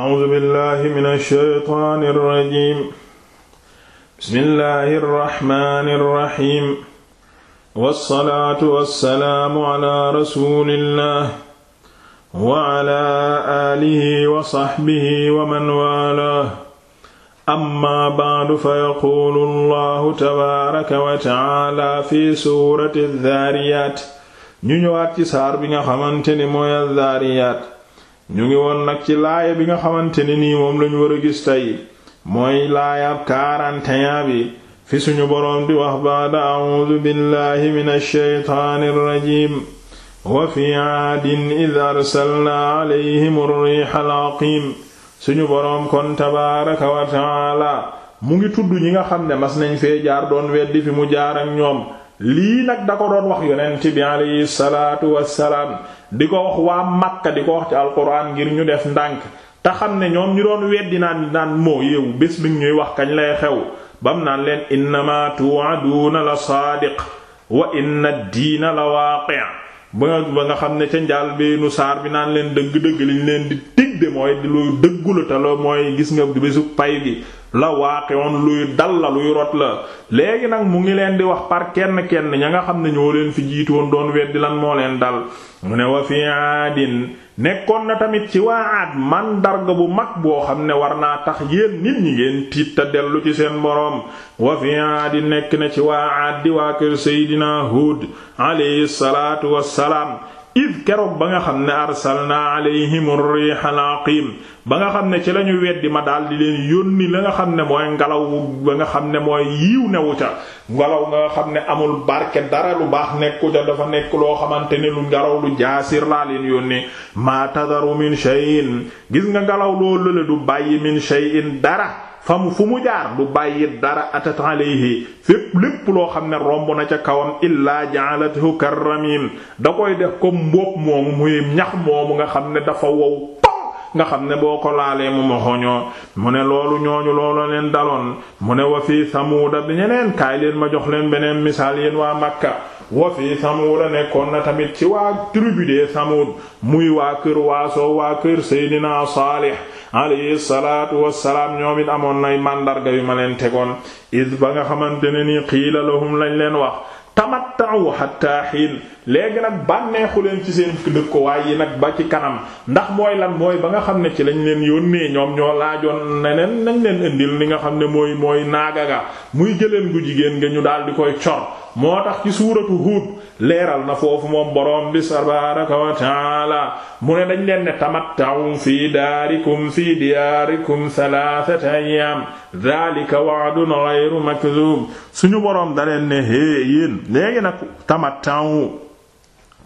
A'uuzu billaahi mina shaytaani rajiim. Bismillaahi rahmaani rahiim. Wassalaatu wassalaamu alaa rasuulillaah wa alaa aalihi wa sahbihi wa man waalaah. Ammaa ba'du fayaquulu Allaahu tabaaraka wa ta'aalaa fi suurati Zaariyaat. Ñu ñëwaat ci saar bi nga xamante ne mooy Zaariyaat. ñu ngi woon nag ci laaya bi nga xamante ne nii moom lañu war a gis tey mooy laaya 41 bi fi suñu boroom di wax baada a'uudu billahi minash shaytaanir rajiim wa fi aadin id arsalnaa alayhim ar al-aqiim suñu boroom kon tabaaraka wa ta'aala mu ngi tudd ñi nga xam ne mas nañ fee jaar doon weddi fi mu jaar ñoom lii nag da ko doon wax yonent bi alayhi salaatu wassalaam di ko wax waa Makka di ko wax ci alquran ngir ñu def ndànk te xam ne ñoom ñu doon weddi naan naan moo yeewu bés bi ñuy wax kañ lay xew bam naan leen innama tu'aduna la saadiq wa inna ad-diina la waaqi' ba nga ba nga xam ne ca njaal beenu saar bi naan leen dëgg-dëgg liñ leen di digde mooy lu dëggula mooy gis nga bésu pay bi la waaqi'un luy dal la luy rot la léegi nag mu ngi leen di wax par kenn kenn ña nga xam ne ñoo leen fi jiitoon doon weddi lan moo leen dal mu ne wa fi aadin nekkoon na tamit ci waa man màndarga bu mag boo xam ne war naa tax yéen nit ñi ngeen tiit te dellu ci seen boroom wa fi aadi nekk na ci waa aad di waa kër seydinaa Huud alayhi salaatu wassalaam id keroog ba nga xam ne arsalna alayhim ar-riha al ba nga xam ne ci lañu weddi ma daal di leen yónni la nga xam ne mooy ngelaw ba nga xam ne mooy yiw newu ca ngelaw nga xam ne amul barke dara lu baax nekku ca dafa nekk loo xamante ne lu ngelaw lu jaasir laa leen yónni maa min shay'in gis nga ngelaw loo lële du bàyyi min shay'in dara fa mu fu mu jaar du bàyyi dara atat alayhi fépp lépp loo xam ne romb na ca kawam illaa ja'alathu karramim da koy def ko mbóob moomu muy ñax moomu nga xam ne dafa wow nga xam ne boo ko laalee mu ma xoñoo mu ne loolu ñooñu loolu leen daloon mu ne wa fii samuuda bi ñeneen kaay leen ma jox leen beneen misaal yéen waa Makka wa fii Samuuda nekkoon na tamit ci waa tribu de muy waa kër waasoo waa kër Seydina Saalih alayhi salaatu wassalaam ñoom it amoon nay màndarga yu ma leen tegoon id ba nga xamante ne nii qiila lahum lañ leen wax tamatta'u hatta hin léegi nag bànneexu leen ci seen dëkkuwaay yi nag ba ci kanam ndax mooy lan mooy ba nga xam ne ci lañ leen yónnee ñoom ñoo laajoon neneen nañ leen indil li nga xam ne mooy mooy naaga ga muy gëléem gu jigéen nga ñu daal di koy cor moo tax ci suuratu Huud leeral na foofu moom boroom bi sabaraka wa mu ne dañ leen ne tamatta'u fi daarikum fi diyaarikum thalathata ayyam dhalika wa'dun ghayru makdhub suñu boroom da leen ne hee yéen léegi nag tamatta'u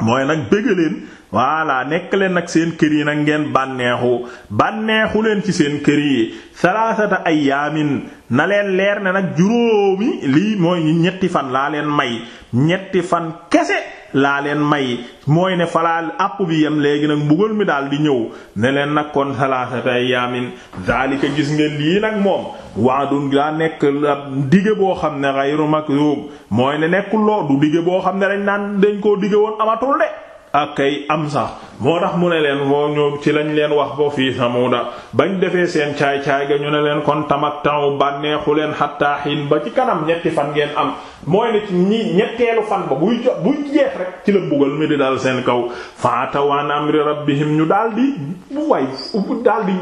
mooy nag bëgg leen voilà nekk leen nag seen kër yi nag ngeen bànneexu bànneexu leen ci seen kër yi salaasata ayyaamin na leen leer ne nag juróomi lii mooy ñetti fan laa leen may ñetti fan kese laa leen may mooy ne falaa àpp bi yem léegi nag mbugal mi daal di ñëw ne leen nag kon salaasata ayaamin daalika gis ngeen lii nag moom waadun daa nekk dige boo xam ne xayru makzub mooy ne nekkul loo du dige boo xam ne dañ daan dañ koo dige woon amatul de ak kay am sax moo tax mu ne leen moo ñoo ci lañ leen wax ba fii samuda bañ defee seen caay-caay ga ñu ne leen kon tamak tamu bànneexu leen xattaa ba ci kanam ñetti fan ngeen am mooy ne ci ñi ñetteelu fan ba buy jeex rek ci la mbugal mi di dal seen kaw faatawaan amri rabbihim ñu daldi bu way daal di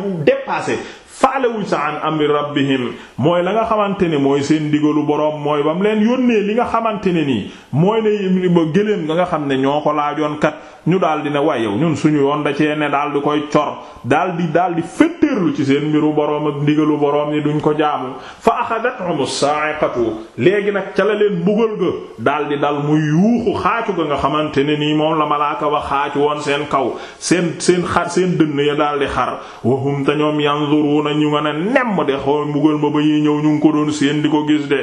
faalewuñ sa an amri rabbihim mooy la xamante ne mooy seen digalu boroom mooy ba mu leen yónnee li nga xamante ne nii mooy ne ba gëléem nga nga xam ne ñoo ko laajoon kat ñu daal di ne waaye yow suñu yoon da cee ne daal di koy cor daal di daal di fetteerlu ci seen mbiru boroom ak digalu boroom ni duñ ko jaamu fa axadathum sa'iqatu léegi nag ca leen mbugal ga daal di dal muy yuuxu xaacu ga nga xamante ne nii moom la malaaka ba xaacu woon seen kaw seen seen xar seen dënn ya daal di xar wahum ta ñoom yanzuruna ñu nga ne nemm de xool mbugal ma ba ñuy ñëw ñu ngi ko doon seen di ko gis de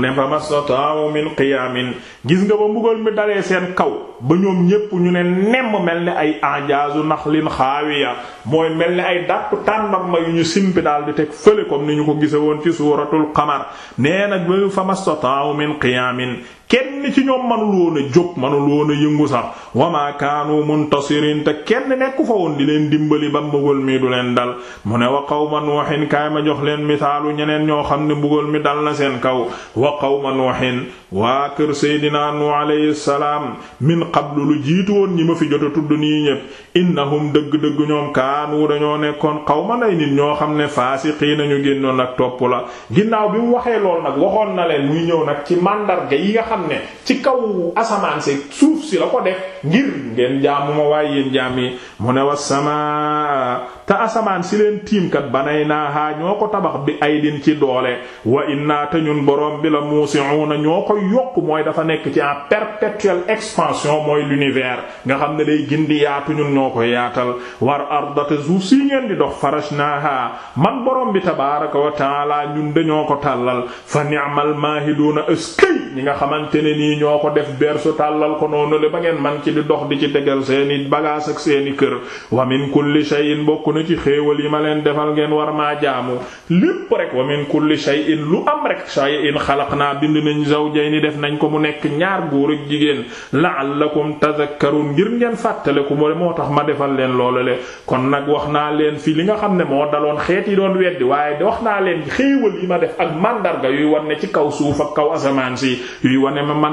ne fa mastata'u min qiyaamin gis nga ba mbugal mi dalee seen kaw ba ñoom ñépp ñu ne nemm mel ne ay anjaazu naxlin xaawiya mooy mel ni ay dàttu tàndam ma yu ñu simpi daal di teg fële comme ni ñu ko gise woon ci suuratul qamar nee nag ba fa mastata'u min qiyaamin kenn ci ñoom manul woon a jóg manul woon a yëngu sax wama kaanu muntasirin te kenn nekku fa woon di leen dimbali ba mbugal mii du leen dal mu ne wa qawma nuuhin kaay ma jox leen misaalu ñeneen ñoo xam ne buggool mi dal na seen kaw wa qawma nuuhin waa kër seydinaa nu alayhi salaam min qablu lu jiitu woon ñi ma fi jot tudd nii ñépp innahum dëgg-dëgg ñoom kaanu dañoo nekkoon qawman ay nit ñoo xam ne faasiqiina ñu génnoon ak topp la ginnaaw bi xam ne ci kaw asamaan si suuf si la ko def ngir ngeen jaamu ma waaye yéen jaam yi mu ne wassamaa te asamaan si leen tiimkat banay naa haa ñoo ko tabax bi aydin ci doole wa inna te ñun borom bi la muusi'una ñoo ko yokk mooy dafa nekk ci en perpétuelle expansion mooy l'univers nga xam ne day di yaatu ñun ñoo ko yaatal war ardata suuf si ngeen di dox farashnaaha man boroom bi tabaaraka wa taala ñun dañoo ko tàllal fa ni'mal maahiduuna ëskëy ñi nga xamante ne nii ñoo ko def berso tàllal ko noonu ci di dox di ci tegal seeni bagaas ak seeni kër wa min kulli shay'in bokk na ci xéewal yi ma leen defal ngeen war maa jaamu lépp rek wa min kulli shay'in lu am rek shay'in xalaqnaa bind nañ zawjayni def nañ ko mu nekk ñaar góor ak jigéen la'allakum tadhakkarun ngir ngeen fàttaleku mo moo tax ma defal leen loolu kon nag wax naa leen fi li nga xam ne moo daloon xeet yi doon weddi waaye wax naa leen xéewal yi ma def ak màndarga yuy wan ne ci kaw suuf ak kaw asamaan si yuy wane ma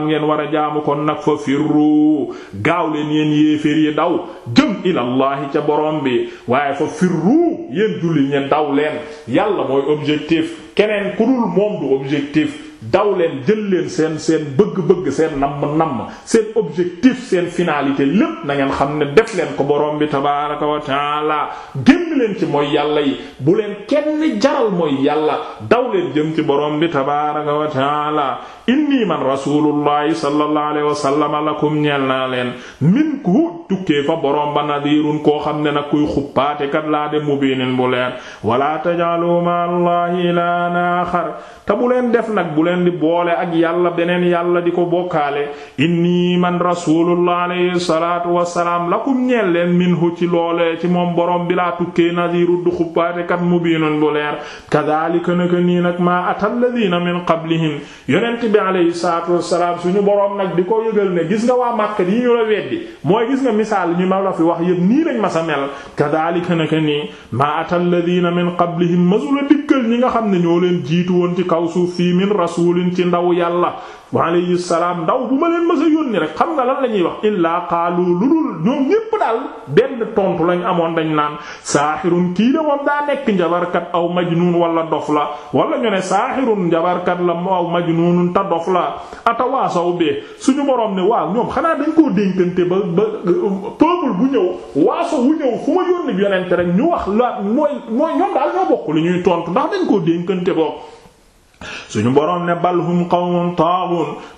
a gaaw leen yéen yéeféer yi daw jëm ilallahi ca borom bi waaye fa firru yéen julli ñe daw leen yàlla mooy objectif keneen ku dul moom du objectif daw leen jël leen seen seen bëgg-bëgg seen namm-namm seen objectif seen finalité lépp na xam ne def leen ko boroom bi tabaraka wa taala génn leen ci mooy yàlla yi bu leen kenn jaral mooy yàlla daw leen jëm ci boroom bi tabaraka wa taala inni man rasulullahi sallallahu alayhi wa sallam lakum ñeel naa leen minku tukkee fa borom ba nadirun koo xam ne nag kuy xuppaate kat laa de mubinin bu leer wala taj'alu ma allahi na axar te bu leen def nag bu leen di boole ak yàlla beneen yàlla di ko bokkaale inni man rasulullah alayhi wa wasalaam lakum ñeel leen minhu ci loolee ci moom borom bi laa tukkee nadirun du xuppaate kat mubinun bu leer kadhalika naka nii nag maa atal ladina min qablihim yonent bi alayhi salatu wasalaam suñu borom nag di ko yëgal misaal ñu ma la fi wax yëpp nii lañ ma sa mel kadhalika naka nii maa ata alladina min qablihim masula dikkal ñi nga xam ne ñoo leen jiitu woon ci kaw suuf fii min rasulin ci ndaw yàlla wa salaam ndaw bu ma leen mës a yónni rek xam nga lan la ñuy wax illaa qaalu lu dul ñoom ñépp daal benn tontu lañ amoon dañ naan saaxirun kii de moom daa nekk njabarkat aw majnuun wala dof la wala ñu ne saaxirun njabarkat la aw majnuunun ta dof la atawaasaw bee suñu moroom ne waaw ñoom xanaa dañ koo dénkante ba ba peuple bu ñëw waaso wu ñëw fu ma yónni yonente rek ñu wax mooy ñoom daal ñoo bokk ñuy tontu ndax dañ koo dénkante boobu suñu boroom ne bal hum qawmun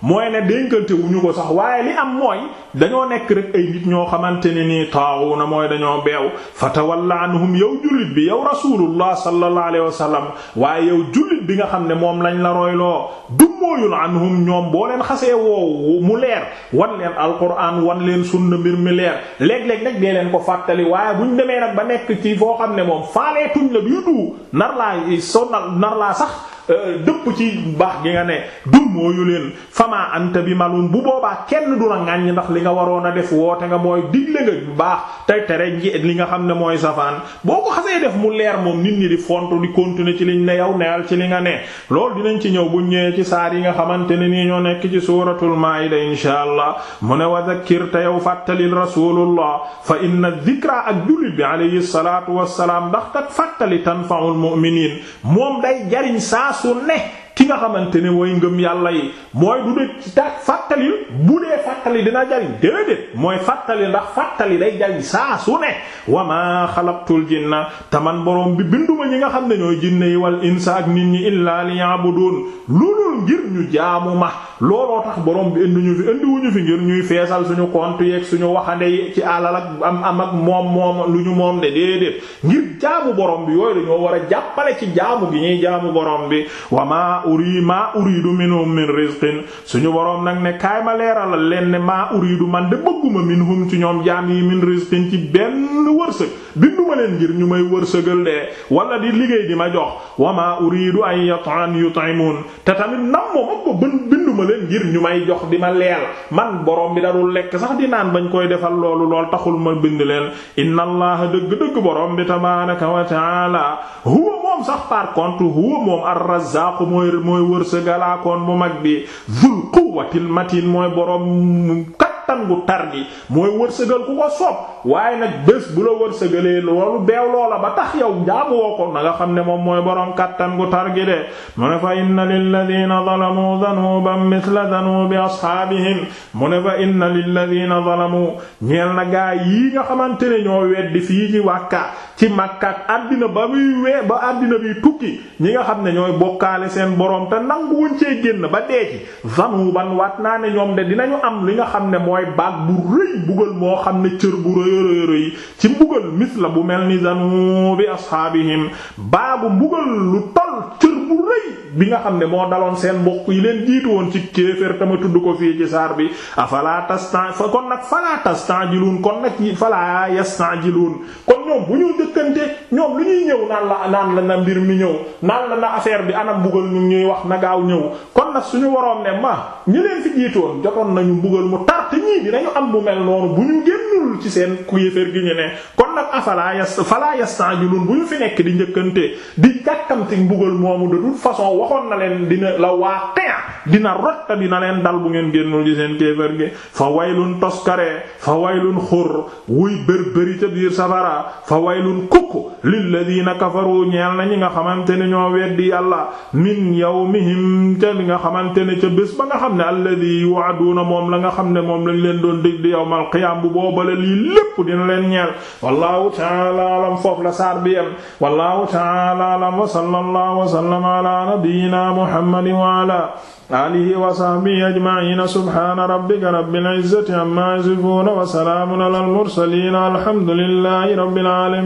mooy ne dénkante ñu ko sax waaye li am mooy dañoo nekk rek ay nit ñoo xamante ne nii na mooy dañoo beew fatawalla anhum yow jullit bi yow rasulullah sallallahu alayhi wasallam waaye yow jullit bi nga xam ne moom lañ la royloo dummóoyul anhum ñoom boo leen xasee woow mu leer wan leen alquran wan leen sunna mbir mi leer léeg-léeg nag dee leen ko fàttali waaye buñ demee nag ba nekk ci foo xam ne moom faaleetuñ la duy du nar laa sonal nar laa sax dëpp ci baax gi nga ne du mooyu leen fama anta bi malun bu boobaa kenn du la ŋàññ ndax li nga waroon a def woote nga mooy digle nga bu baax tey tere li nga xam ne mooy safaan boo ko xasee def mu leer moom nit ñi di fontu di continuer ci liñ ne yow neyal ci li nga ne lool dinañ ci ñëw bu ñëwee ci saar yi nga xamante ne nii ñoo nekk ci suuratul maa'ida inshaa allah mu ne wa zakkir te yow fàttalil rasulullah fa inna dhikra ak jullit bi alayhi salaatu wassalaam ndax kat fàttali tanfa'ul mu'miniin moom day jariñ saa su ne ki nga xamante ne mooy ngëm yàlla yi mooy du dee ci taat fàttali bu dee fàttali dina jariñ déedéet mooy fàttali ndax fàttali day jariñ saa su ne wa maa xalaqtul jinna taman borom bi binduma ñi nga xam ne ñooy jinne yi wal insa ak nit ñi illaa liya'budun lu dul ngir ñu jaamu ma looloo tax borom bi indi ñu fi indi wuñu fi ngir ñuy feesal suñu compte yeeg suñu waxande yi ci alal ak am am ak moom moom lu ñu moom de déedéet ngir jaamu boroom bi yooyu dañoo war a jàppale ci jaamu gi ñuy jaamu boroom bi wa maa uri maa uridu minhum min rizqin suñu borom nag ne kaay leen ne maa uridu man de minhum ci ñoom jaam yi min rizqin ci benn wërsëg binduma leen ngir ñu may wërsëgal de wala di liggéey di ma jox wa maa uridu an yat'an yut'imun te tamit nam moom ak ko binduma leen ngir ñu may jox di ma leel man borom bi darul lekk sax di naan bañ koy defal loolu lool taxul ma bind leen inna allaha dëgg-dëgg borom bi tabaaraka wa taala huwa moom sax par contre huwa moom ar-razzaaq mooy mooy wërsëgalaakoon bu mag bi dhul quwwatil matin mooy borom kattan gu tar gi mooy wërsëgal ku ko soob waaye nag bés bu la wërsëgalee loolu beew loola ba tax yow jaamu woo ko na nga xam ne moom mooy boroom kattan gu tar gi de mu ne fa inna lilladina zalamu dhanuban mithla dhanubi ashaabihim mu ne fa inna lilladina zalamu ñeel na gaa yi nga xamante ne ñoo weddi fii ci wàkka ci Makka ak àddina ba muy wee bi tukki ñi nga xam ne ñooy bokkaale seen boroom te ba dee ci zanuban waat naa ne ñoom de dinañu am li nga xam ne mooy mooy baag bu rëy bugal moo xam ne cër bu rëy rëy rëy ci mbugal mis la bu mel ni zanu bi ashaabihim baabu mbugal lu cër bu rëy bi nga xam ne moo daloon seen mbokk yi leen jiitu woon ci kéefër tama tudd ko fii ci saar bi afala tastan kon nag fala tastanjiluun kon nag fala yastanjiluun kon ñoom bu ñu njëkkante ñoom lu mbir mi ñëw naan la affaire bi anam mbugal ñu ñuy wax na gaaw kon nag suñu waroon ne ma ñi leen fi jiitu jotoon nañu mbugal mu tar te ñii dinañu am bu mel noonu bu ñu génnul ci seen kéefër gi ñu ne kon nag afala yas fala yastanjiluun bu ñu fi nekk di njëkkante di jàkkamti mbugal moomu de toute façon waxoon na leen dina la waaqi' dina rot dina leen dal bu ngeen génnul ci seen kéefër gi fa waylun toskare fa waylun xur wuy bërbëri ca biir safara fa waylun kukk lilladina kafaru ñeel na ñi nga xamante ne ñoo weddi yàlla min yawmihim ca li nga xamante ne ca bés ba nga xam ne alladi moom la nga xam ne moom lañ leen doon dég di yawmal qiyaam bu boobale lii lépp dina leen ñeel wallahu ta'ala alam foofu la saar bi yam wallahu ta'ala alam wa sallallahu wa sallama ala nabiyyina muhammadin wa ala alihi wa sahbihi ajma'ina subhaana rabbika rabbil izzati amma yasifuuna wa salaamun alal mursaliin alhamdulillahi rabbil aalamiin